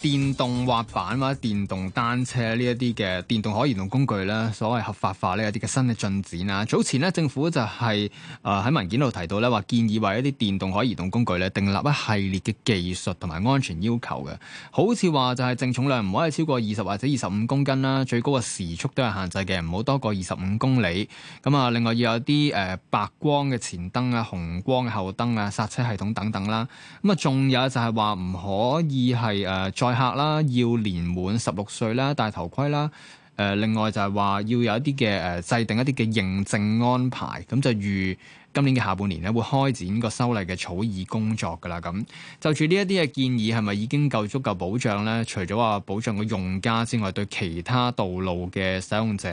電動滑板或者電動單車呢一啲嘅電動可移動工具啦，所謂合法化呢一啲嘅新嘅進展啊。早前呢，政府就係誒喺文件度提到呢話，建議為一啲電動可移動工具呢，訂立一系列嘅技術同埋安全要求嘅。好似話就係淨重量唔可以超過二十或者二十五公斤啦，最高嘅時速都係限制嘅，唔好多過二十五公里。咁啊，另外要有啲誒白光嘅前燈啊、紅光嘅後燈啊、煞車系統等等啦。咁啊，仲有就係話唔可以係誒再。旅客啦，要年滿十六歲啦，戴頭盔啦，誒、呃，另外就係話要有一啲嘅誒，制定一啲嘅認證安排，咁就如。今年嘅下半年咧，會開展個修例嘅草擬工作㗎啦。咁就住呢一啲嘅建議，係咪已經夠足夠保障咧？除咗話保障個用家之外，對其他道路嘅使用者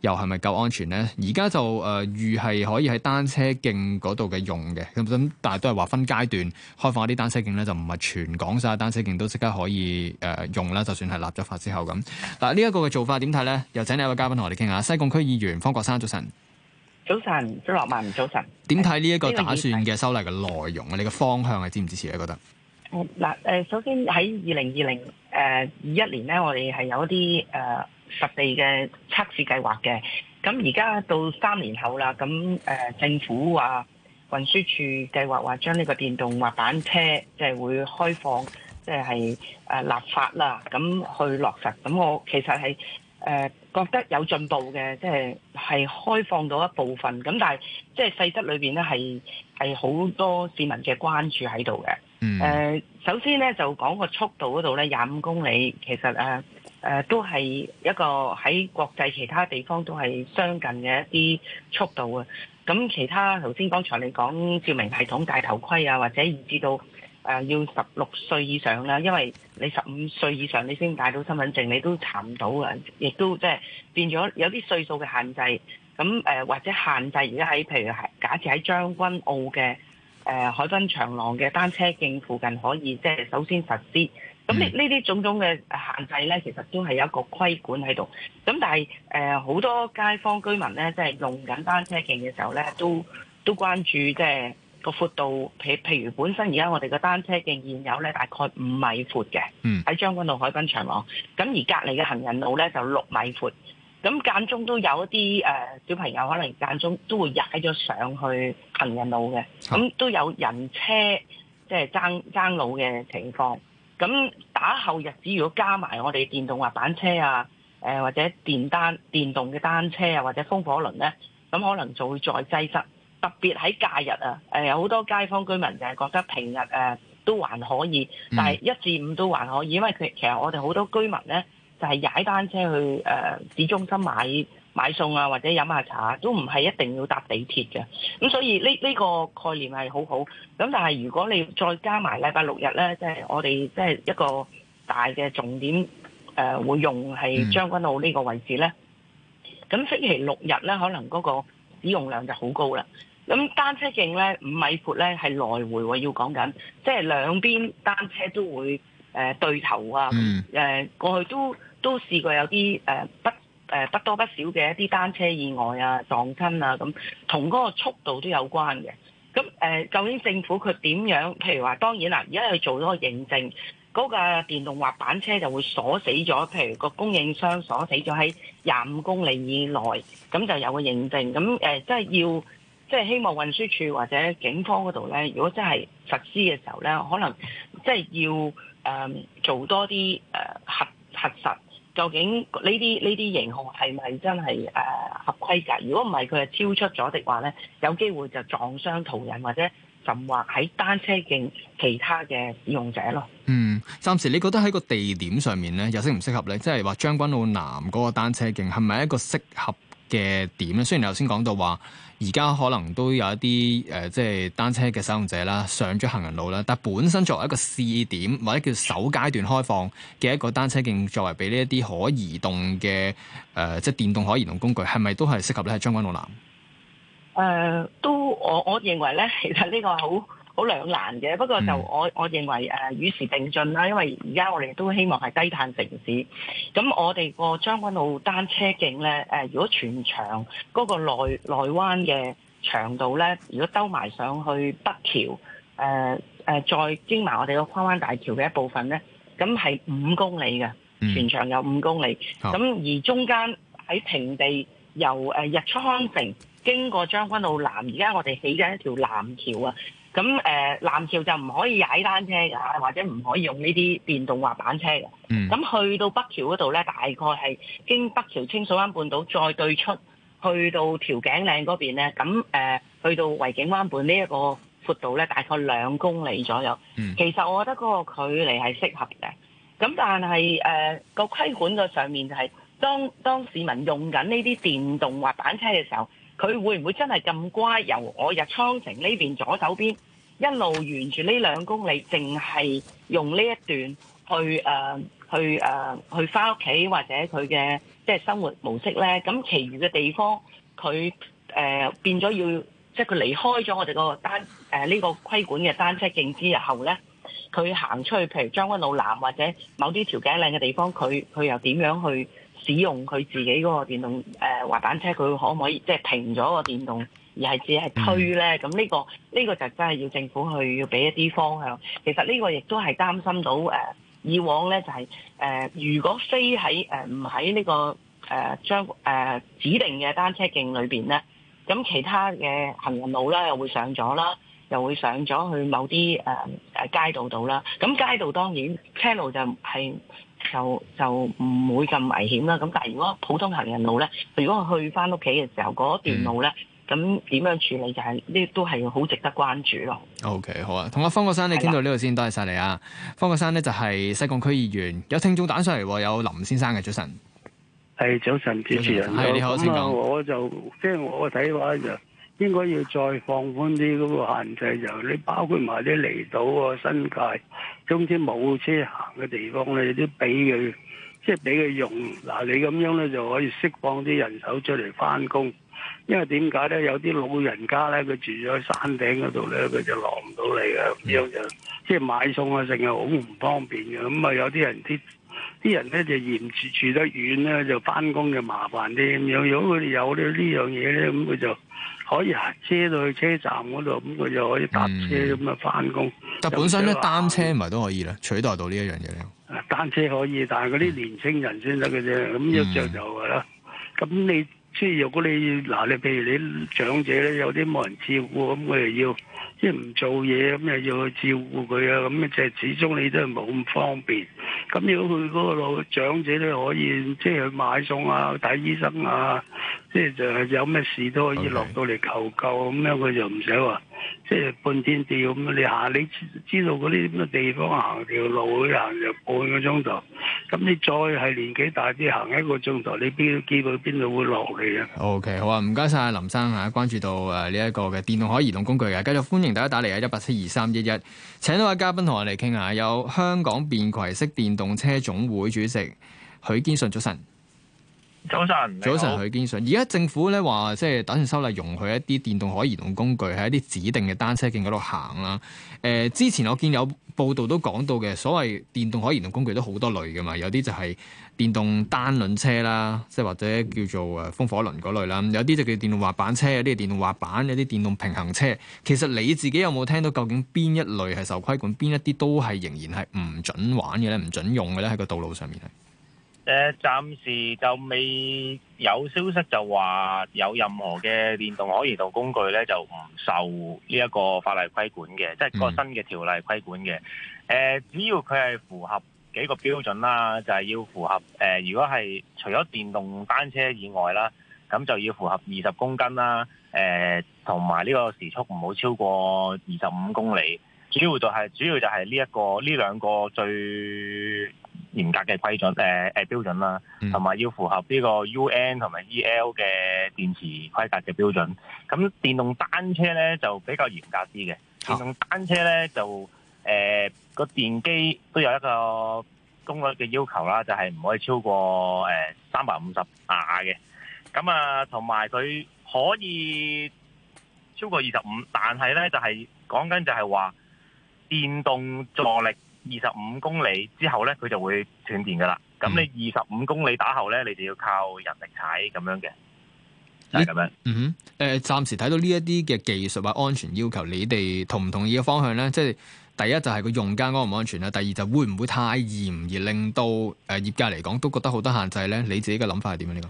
又係咪夠安全咧？而家就誒預係可以喺單車徑嗰度嘅用嘅咁，但係都係話分階段開放一啲單車徑咧，就唔係全港晒單車徑都即刻可以誒、呃、用啦。就算係立咗法之後咁，嗱，呢一個嘅做法點睇咧？又請你一位嘉賓同我哋傾下，西貢區議員方國珊，早晨。早晨，祝落慢，早晨。點睇呢一個打算嘅修例嘅內容啊？呢、呃這個你嘅方向係支唔支持咧？覺得？嗱，誒，首先喺二零二零誒二一年咧，我哋係有一啲誒、呃、實地嘅測試計劃嘅。咁而家到三年後啦，咁誒、呃、政府話運輸處計劃話將呢個電動滑板車即係會開放，即係誒立法啦，咁去落實。咁我其實係誒。呃覺得有進步嘅，即係係開放到一部分，咁但係即係細則裏邊咧係係好多市民嘅關注喺度嘅。誒、mm. 呃，首先咧就講個速度嗰度咧廿五公里，其實誒、呃、都係一個喺國際其他地方都係相近嘅一啲速度啊。咁其他頭先剛，剛才你講照明系統戴頭盔啊，或者以至到。誒、呃、要十六歲以上啦，因為你十五歲以上你先帶到身份證，你都查唔到啊！亦都即係變咗有啲歲數嘅限制。咁誒、呃、或者限制而家喺譬如假設喺將軍澳嘅誒、呃、海濱長廊嘅單車徑附近可以即係首先實施。咁呢呢啲種種嘅限制咧，其實都係有一個規管喺度。咁但係誒好多街坊居民咧，即係用緊單車徑嘅時候咧，都都關注即係。個闊度，譬譬如本身而家我哋個單車徑現有咧，大概五米闊嘅，喺、嗯、將軍澳海濱長廊。咁而隔離嘅行人路咧就六米闊，咁間中都有一啲誒、呃、小朋友可能間中都會踩咗上去行人路嘅，咁都有人車即係、就是、爭爭路嘅情況。咁打後日子如果加埋我哋電動滑板車啊，誒、呃、或者電單電動嘅單車啊，或者風火輪咧，咁可能就會再擠塞。特別喺假日啊，誒、呃、有好多街坊居民就係覺得平日誒、呃、都還可以，但係一至五都還可以，因為其實我哋好多居民咧就係、係、踩單車去誒、呃、市中心買買餸啊，或者飲下茶都唔係一定要搭地鐵嘅。咁所以呢呢、呢個概念係好好。咁但係如果你再加埋禮拜六日咧，即係我哋即係一個大嘅重點誒，會用係將軍澳呢個位置咧。咁星期六日咧、就係呃，可能嗰個使用量就好高啦。咁單車徑咧五米闊咧係來回喎，我要講緊，即係兩邊單車都會誒、呃、對頭啊！誒、嗯、過去都都試過有啲誒、呃、不誒、呃、不多不少嘅一啲單車意外啊、撞親啊咁，同嗰個速度都有關嘅。咁誒、呃，究竟政府佢點樣？譬如話，當然啦，而家去做咗個認證，嗰、嗰個電動滑板車就會鎖死咗，譬如個供應商鎖死咗喺廿五公里以內，咁就有個認證。咁誒、呃，即係要。即係希望運輸署或者警方嗰度咧，如果真係實施嘅時候咧，可能即係要誒、呃、做多啲誒、呃、核核實，究竟呢啲呢啲型號係咪真係誒、呃、合規格？如果唔係，佢係超出咗的話咧，有機會就撞傷途人或者甚或喺單車徑其他嘅使用者咯。嗯，暫時你覺得喺個地點上面咧又適唔適合咧？即係話將軍澳南嗰個單車徑係咪一個適合嘅點咧，雖然你頭先講到話，而家可能都有一啲誒、呃，即係單車嘅使用者啦，上咗行人路啦，但本身作為一個試點或者叫首階段開放嘅一個單車徑，作為俾呢一啲可移動嘅誒、呃，即係電動可移動工具，係咪都係適合咧？係將軍澳南？誒、呃，都我我認為咧，其實呢個好。好兩難嘅，不過就我我認為誒、呃、與時並進啦，因為而家我哋都希望係低碳城市。咁我哋個將軍澳單車徑呢，呃、如果全長嗰個內內灣嘅長度呢，如果兜埋上去北橋誒、呃呃、再經埋我哋個跨灣大橋嘅一部分呢，咁係五公里嘅，全長有五公里。咁、嗯、而中間喺平地由日出康城。經過將軍澳南，而家我哋起緊一條南橋啊。咁誒、呃，南橋就唔可以踩單車嘅，或者唔可以用呢啲電動滑板車嘅。咁、嗯、去到北橋嗰度呢，大概係經北橋清水灣半島再對出，去到條頸嶺嗰邊咧。咁、呃、誒，去到維景灣畔呢一個闊度呢，大概兩公里左右。嗯、其實我覺得嗰個距離係適合嘅。咁但係誒、呃個規管嘅上面就係、是，當當市民用緊呢啲電動滑板車嘅時候。佢會唔會真係咁乖？由我入昌城呢邊左手邊一路沿住呢兩公里，淨係用呢一段去誒、呃、去誒、呃、去翻屋企，或者佢嘅即係生活模式咧？咁其餘嘅地方，佢誒、呃、變咗要即係佢離開咗我哋個單呢、呃呢個規管嘅單車徑之以後咧，佢行出去，譬如將軍澳南或者某啲條頸靚嘅地方，佢佢又點樣去？使用佢自己嗰個電動滑板車，佢可唔可以即係停咗個電動，而係只係推咧？咁呢、嗯呢個呢、呢個就真係要政府去要俾一啲方向。其實呢個亦都係擔心到誒以往咧、就係，就係誒如果非喺誒唔喺呢個誒、呃、將誒、呃、指定嘅單車徑裏邊咧，咁其他嘅行人路啦又會上咗啦，又會上咗去某啲誒誒街道度啦。咁街道當然車路就係、係。就就唔會咁危險啦。咁但係如果普通行人路咧，如果去翻屋企嘅時候嗰段路咧，咁點、嗯、樣處理就係、是、呢？都係好值得關注咯。OK，好啊，同阿方國珊你傾到呢度先，的多謝晒你啊。方國珊咧就係西貢區議員，有聽眾打上嚟喎，有林先生嘅早晨。係，早晨主持人早上，你好先講。我就即係我睇話就。應該要再放寬啲嗰個限制，就你包括埋啲離島啊、新界，總之冇車行嘅地方咧，有啲俾佢，即係俾佢用。嗱、啊，你咁樣咧就可以釋放啲人手出嚟翻工。因為點解咧？有啲老人家咧，佢住咗喺山頂嗰度咧，佢就落唔到嚟嘅，咁樣就即係買餸啊，成日好唔方便嘅。咁啊，有啲人啲啲人咧就嫌住住得遠咧，就翻工就麻煩啲咁樣。如果佢哋有呢呢樣嘢咧，咁佢就，可以行車到去車站嗰度，咁佢就可以搭車咁啊，翻工。嗯、班但本身咧說單車唔係都可以啦，取代到呢一樣嘢咧。單車可以，但係嗰啲年青人先得嘅啫。咁一着就係啦。咁、嗯、你即係如果你嗱，你譬如你長者咧，有啲冇人照顧，咁佢又要即係唔做嘢，咁又要去照顧佢啊。咁即係始終你都係冇咁方便。咁如果佢嗰個老長者都可以，即係去買餸啊、睇醫生啊。即係就係有咩事都可以落到嚟求救咁 Okay. 樣不用，佢就唔使話即係半天吊咁。你行，你知道嗰啲乜地方行條路，行就半個鐘頭。咁你再係年紀大啲，行一個鐘頭，你邊幾度邊度會落嚟啊？OK，好啊，唔該晒。林生嚇，關注到誒呢一個嘅電動可移動工具嘅，繼續歡迎大家打嚟啊！一八七二三一一，請到位嘉賓同我哋傾下，有香港便攜式電動車總會主席許堅信早晨。早晨，早晨，許堅信。而家政府咧，話，即、就、係、是、打算修例容許一啲電動可移動工具喺一啲指定嘅單車徑嗰度行啦。誒、呃，之前我見有報道都講到嘅，所謂電動可移動工具都好多類噶嘛，有啲就係電動單輪車啦，即係或者叫做誒風火輪嗰類啦，有啲就叫電動滑板車，有啲電動滑板，有啲電，電動平衡車。其實你自己有冇聽到究竟邊一類係受規管，邊一啲都係仍然係唔准玩嘅咧，唔准用嘅咧喺個道路上面係？誒，暫時就未有消息就話有任何嘅電動可移動工具咧，就唔受呢一個法例規管嘅，嗯，即係個新嘅條例規管嘅。誒，只要佢係符合幾個標準啦，就係要符合誒，如果係除咗電動單車以外啦，咁就要符合二十公斤啦，誒，同埋呢個時速唔好超過二十五公里，主要就係主要就係呢一個呢兩個最。嚴格嘅標準，誒、呃、誒、啊、標準啦，同埋、嗯、要符合呢個 UN 同埋 EL 嘅電池規格嘅標準。咁電動單車咧就比較嚴格啲嘅，哦、電動單車咧就誒個、呃、電機都有一個功率嘅要求啦，就係、是、唔可以超過誒三百五十瓦嘅。咁啊，同埋佢可以超過二十五，但係咧就係講緊就係、是、話電動助力、嗯。二十五公里之後呢，佢就會斷電㗎喇。咁你二十五公里打後呢，你就要靠人力踩咁樣嘅，就係、是、咁樣。嗯哼，誒、呃，暫時睇到呢一啲嘅技術或安全要求，你哋同唔同意嘅方向呢？即係第一就係個用家安唔安全啦，第二就是會唔會太嚴而令到誒、呃、業界嚟講都覺得好多限制呢。你自己嘅諗法係點樣？呢個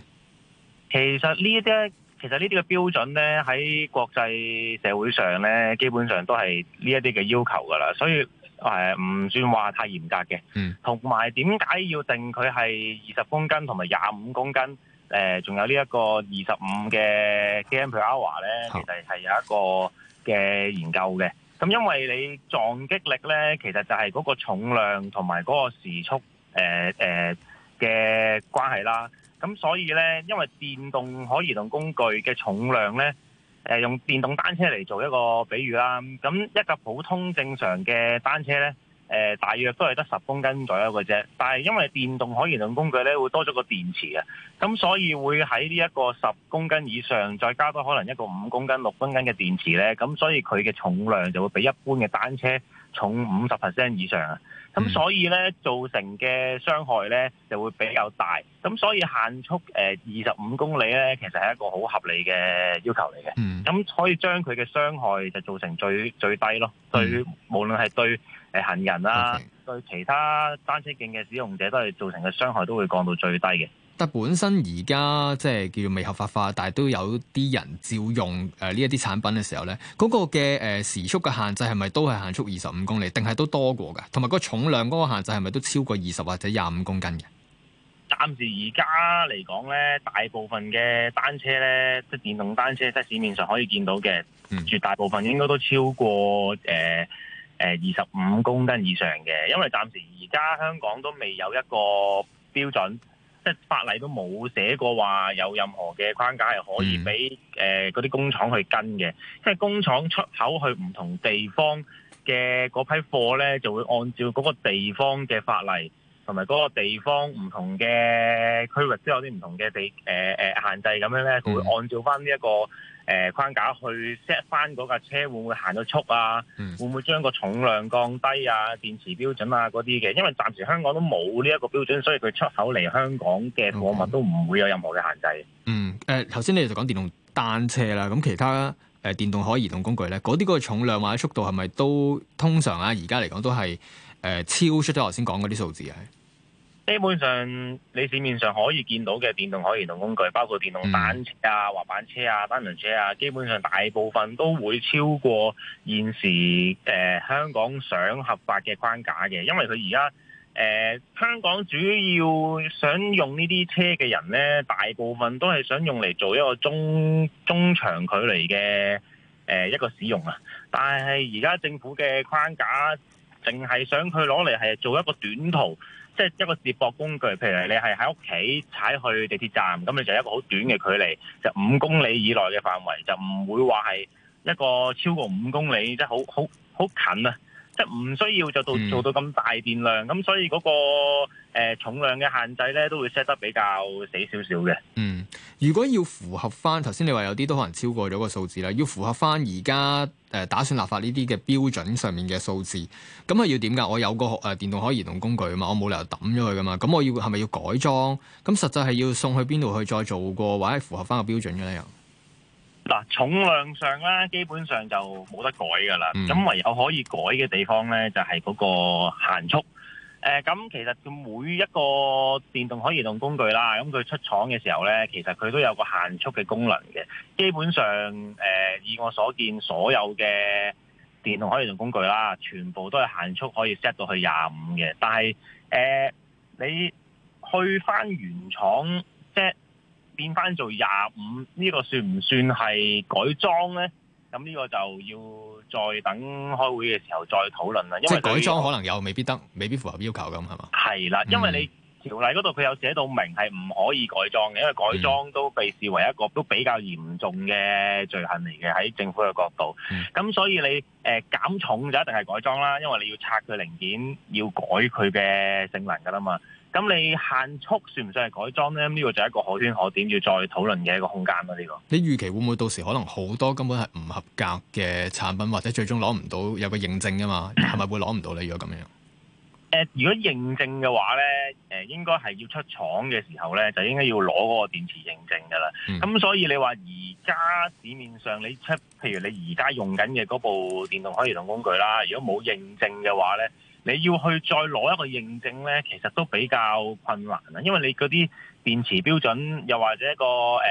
其實呢一啲，其實呢啲嘅標準呢，喺國際社會上呢，基本上都係呢一啲嘅要求㗎喇，所以。誒，唔算話太嚴格嘅，嗯，同埋點解要定佢係二十公斤同埋廿五公斤？誒、呃，仲有呢一個二十五嘅 km per hour 咧，其實係有一個嘅研究嘅。咁因為你撞擊力咧，其實就係嗰個重量同埋嗰個時速，誒誒嘅關係啦。咁所以咧，因為電動可移動工具嘅重量咧。誒用電動單車嚟做一個比喻啦，咁一架普通正常嘅單車呢，呃、大約都係得十公斤左右嘅啫。但係因為電動可移動工具呢會多咗個電池啊，咁所以會喺呢一個十公斤以上，再加多可能一個五公斤、六公斤嘅電池呢，咁所以佢嘅重量就會比一般嘅單車重五十 percent 以上。咁、嗯、所以咧造成嘅傷害咧就會比較大，咁所以限速誒二十五公里咧其實係一個好合理嘅要求嚟嘅。咁、嗯、可以將佢嘅傷害就造成最最低咯，嗯、對無論係對誒行人啦、啊，okay. 對其他單車徑嘅使用者都係造成嘅傷害都會降到最低嘅。但本身而家即係叫做未合法化，但係都有啲人照用誒呢一啲產品嘅時候咧，嗰個嘅誒時速嘅限制係咪都係限速二十五公里，定係都多過嘅？同埋個重量嗰個限制係咪都超過二十或者廿五公斤嘅？暫時而家嚟講咧，大部分嘅單車咧，即係電動單車，即係市面上可以見到嘅，絕大部分應該都超過誒誒二十五公斤以上嘅，因為暫時而家香港都未有一個標準。即係法例都冇寫過話有任何嘅框架係可以俾誒嗰啲工廠去跟嘅，即係工廠出口去唔同地方嘅嗰批貨咧，就會按照嗰個地方嘅法例。同埋嗰個地方唔同嘅區域，都有啲唔同嘅地限制咁樣咧，佢會按照翻呢一個、呃、框架去 set 翻嗰架車會唔會行到速啊？嗯、會唔會將個重量降低啊？電池標準啊嗰啲嘅，因為暫時香港都冇呢一個標準，所以佢出口嚟香港嘅貨物都唔會有任何嘅限制。Okay. 嗯誒，頭、呃、先你就講電動單車啦，咁其他誒、呃、電動可移動工具咧，嗰啲個重量或者速度係咪都通常啊？而家嚟講都係、呃、超出咗頭先講嗰啲數字啊？基本上，你市面上可以見到嘅電動可移動工具，包括電動單車啊、滑板車啊、單輪車啊，基本上大部分都會超過現時誒香港想合法嘅框架嘅，因為佢而家誒香港主要想用呢啲車嘅人咧，大部分都係想用嚟做一個中中長距離嘅誒一個使用啊，但係而家政府嘅框架，淨係想佢攞嚟係做一個短途。即係一個接駁工具，譬如你係喺屋企踩去地鐵站，咁你就一個好短嘅距離，就五公里以內嘅範圍，就唔會話係一個超過五公里，即係好好好近啊！即係唔需要就到做到咁大電量，咁所以嗰個重量嘅限制咧，都會 set 得比較死少少嘅。嗯。如果要符合翻，頭先你話有啲都可能超過咗個數字啦，要符合翻而家誒打算立法呢啲嘅標準上面嘅數字，咁係要點㗎？我有個誒電動可移動工具啊嘛，我冇理由抌咗佢噶嘛，咁我要係咪要改裝？咁實際係要送去邊度去再做過，或者符合翻個標準嘅咧？又嗱，重量上咧，基本上就冇得改㗎啦。咁、嗯、唯有可以改嘅地方咧，就係嗰個限速。誒咁、呃、其實佢每一個電動可移動工具啦，咁佢出廠嘅時候呢，其實佢都有一個限速嘅功能嘅。基本上，誒、呃、以我所見，所有嘅電動可移動工具啦，全部都係限速可以 set 到去廿五嘅。但係誒、呃，你去翻原廠 set 變翻做廿五，呢個算唔算係改裝呢？咁呢個就要再等開會嘅時候再討論啦。因為即係改裝可能有，未必得，未必符合要求咁，係嘛？係啦，因為你條例嗰度佢有寫到明係唔可以改裝嘅，因為改裝都被視為一個都比較嚴重嘅罪行嚟嘅，喺政府嘅角度。咁所以你誒、呃、減重就一定係改裝啦，因為你要拆佢零件，要改佢嘅性能㗎啦嘛。咁你限速算唔算係改裝咧？呢、這個就一個可圈可點，要再討論嘅一個空間咯、啊。呢、這個你預期會唔會到時可能好多根本係唔合格嘅產品，或者最終攞唔到有個認證噶嘛？係咪 會攞唔到你如果咁樣？誒，如果認證嘅話咧，誒，應該係要出廠嘅時候咧，就應該要攞嗰個電池認證噶啦。咁、嗯、所以你話而家市面上你出，譬如你而家用緊嘅嗰部電動開移動工具啦，如果冇認證嘅話咧。你要去再攞一個認證呢，其實都比較困難啊，因為你嗰啲電池標準，又或者一個誒誒、呃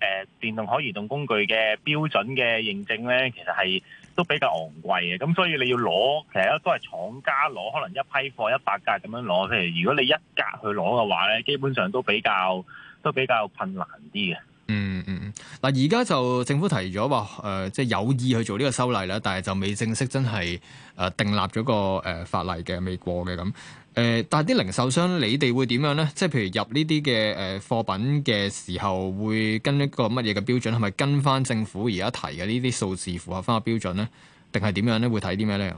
呃、電動可移動工具嘅標準嘅認證呢，其實係都比較昂貴嘅。咁所以你要攞，其實都係廠家攞，可能一批貨一百格咁樣攞。譬如如果你一格去攞嘅話呢，基本上都比較都比較困難啲嘅。嗯嗯，嗱而家就政府提咗話誒，即係有意去做呢個修例啦，但係就未正式真係誒訂立咗個誒、呃、法例嘅，未過嘅咁誒，但係啲零售商你哋會點樣咧？即係譬如入呢啲嘅誒貨品嘅時候，會跟一個乜嘢嘅標準？係咪跟翻政府而家提嘅呢啲數字符合翻個標準咧？定係點樣咧？會睇啲咩咧？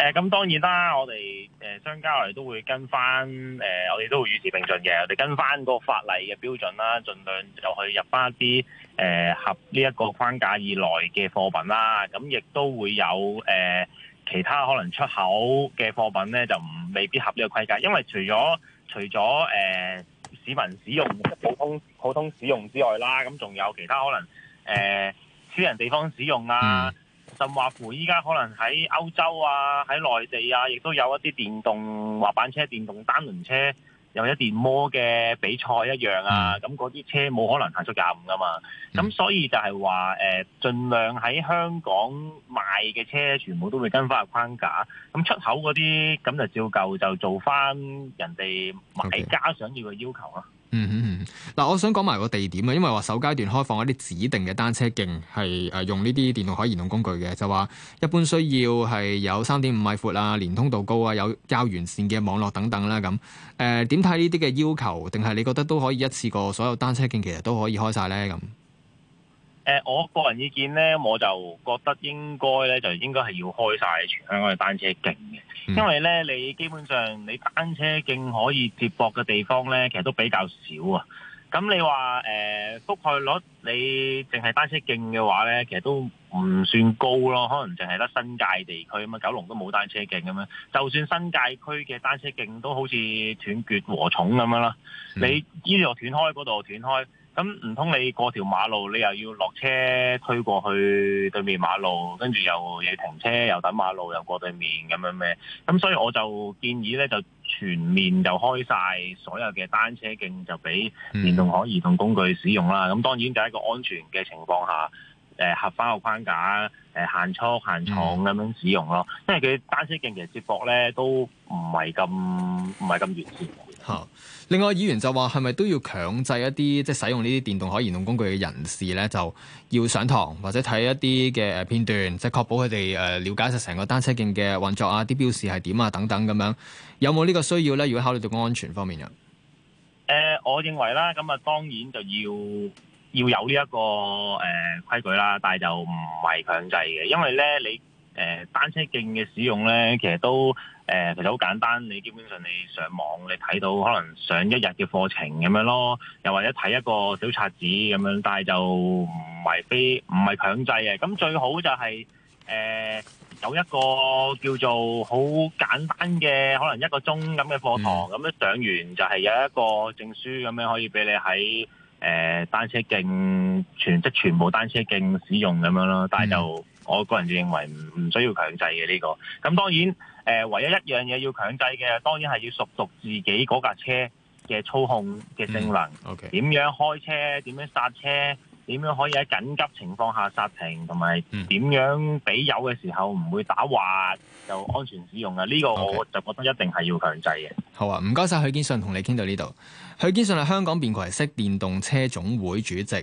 誒咁、呃、當然啦，我哋誒、呃、商家我哋都會跟翻，誒、呃、我哋都會與時並進嘅，我哋跟翻個法例嘅標準啦，盡量就去入翻啲誒合呢一個框架以內嘅貨品啦。咁、嗯、亦都會有誒、呃、其他可能出口嘅貨品咧，就唔未必合呢個規格，因為除咗除咗誒、呃、市民使用普通普通使用之外啦，咁仲有其他可能誒、呃、私人地方使用啦、啊。嗯甚至乎依家可能喺歐洲啊，喺內地啊，亦都有一啲電動滑板車、電動單輪車，又或者電摩嘅比賽一樣啊。咁嗰啲車冇可能行出廿五噶嘛。咁所以就係話誒，盡量喺香港賣嘅車全部都會跟翻個框架。咁出口嗰啲咁就照舊就做翻人哋買家想要嘅要求咯。Okay. 嗯嗯嗯，嗱、嗯嗯，我想講埋個地點啊，因為話首階段開放一啲指定嘅單車徑係誒用呢啲電動可移動工具嘅，就話一般需要係有三點五米闊啊，連通度高啊，有較完善嘅網絡等等啦咁。誒，點睇呢啲嘅要求？定係你覺得都可以一次過所有單車徑其實都可以開晒呢？咁？誒、呃，我個人意見咧，我就覺得應該咧，就應該係要開晒全香港嘅單車徑嘅，嗯、因為咧，你基本上你單車徑可以接駁嘅地方咧，其實都比較少啊。咁你話誒、呃、覆蓋率，你淨係單車徑嘅話咧，其實都唔算高咯，可能淨係得新界地區嘛，九龍都冇單車徑咁樣。就算新界區嘅單車徑都好似斷截禾蟲咁樣啦，嗯、你呢度斷開，嗰度斷開。咁唔通你過條馬路，你又要落車推過去對面馬路，跟住又要停車，又等馬路，又過對面咁樣咩？咁所以我就建議咧，就全面就開晒所有嘅單車徑，就俾電動可移動工具使用啦。咁、嗯、當然就係一個安全嘅情況下，合返個框架，誒限速、限重咁樣使用咯。嗯、因為佢單車徑其實接駁咧都唔係咁唔係咁完善。嚇！另外，議員就話：係咪都要強制一啲即係使用呢啲電動可移動工具嘅人士咧，就要上堂或者睇一啲嘅誒片段，即、就、係、是、確保佢哋誒瞭解曬成個單車徑嘅運作啊、啲標示係點啊等等咁樣，有冇呢個需要咧？如果考慮到安全方面啊，誒、呃，我認為啦，咁啊，當然就要要有呢、這、一個誒、呃、規矩啦，但係就唔係強制嘅，因為咧，你誒、呃、單車徑嘅使用咧，其實都。誒其實好簡單，你基本上你上網你睇到可能上一日嘅課程咁樣咯，又或者睇一個小冊子咁樣，但係就唔係非唔係強制嘅。咁最好就係、係、誒、呃、有一個叫做好簡單嘅，可能一個鐘咁嘅課堂，咁樣、嗯、上完就係有一個證書咁樣可以俾你喺誒、呃、單車徑全即全部單車徑使用咁樣咯。但係就、嗯、我個人認為唔需要強制嘅呢、呢個。咁當然。誒，唯一一樣嘢要強制嘅，當然係要熟讀自己嗰架車嘅操控嘅性能，嗯 okay。點樣開車，點樣剎車，點樣可以喺緊急情況下剎停，同埋點樣俾油嘅時候唔會打滑，就安全使用啊！呢個我就覺得一定係要強制嘅。Okay。好啊，唔該晒。許堅信，同你傾到呢度。許堅信係香港便攜式電動車總會主席。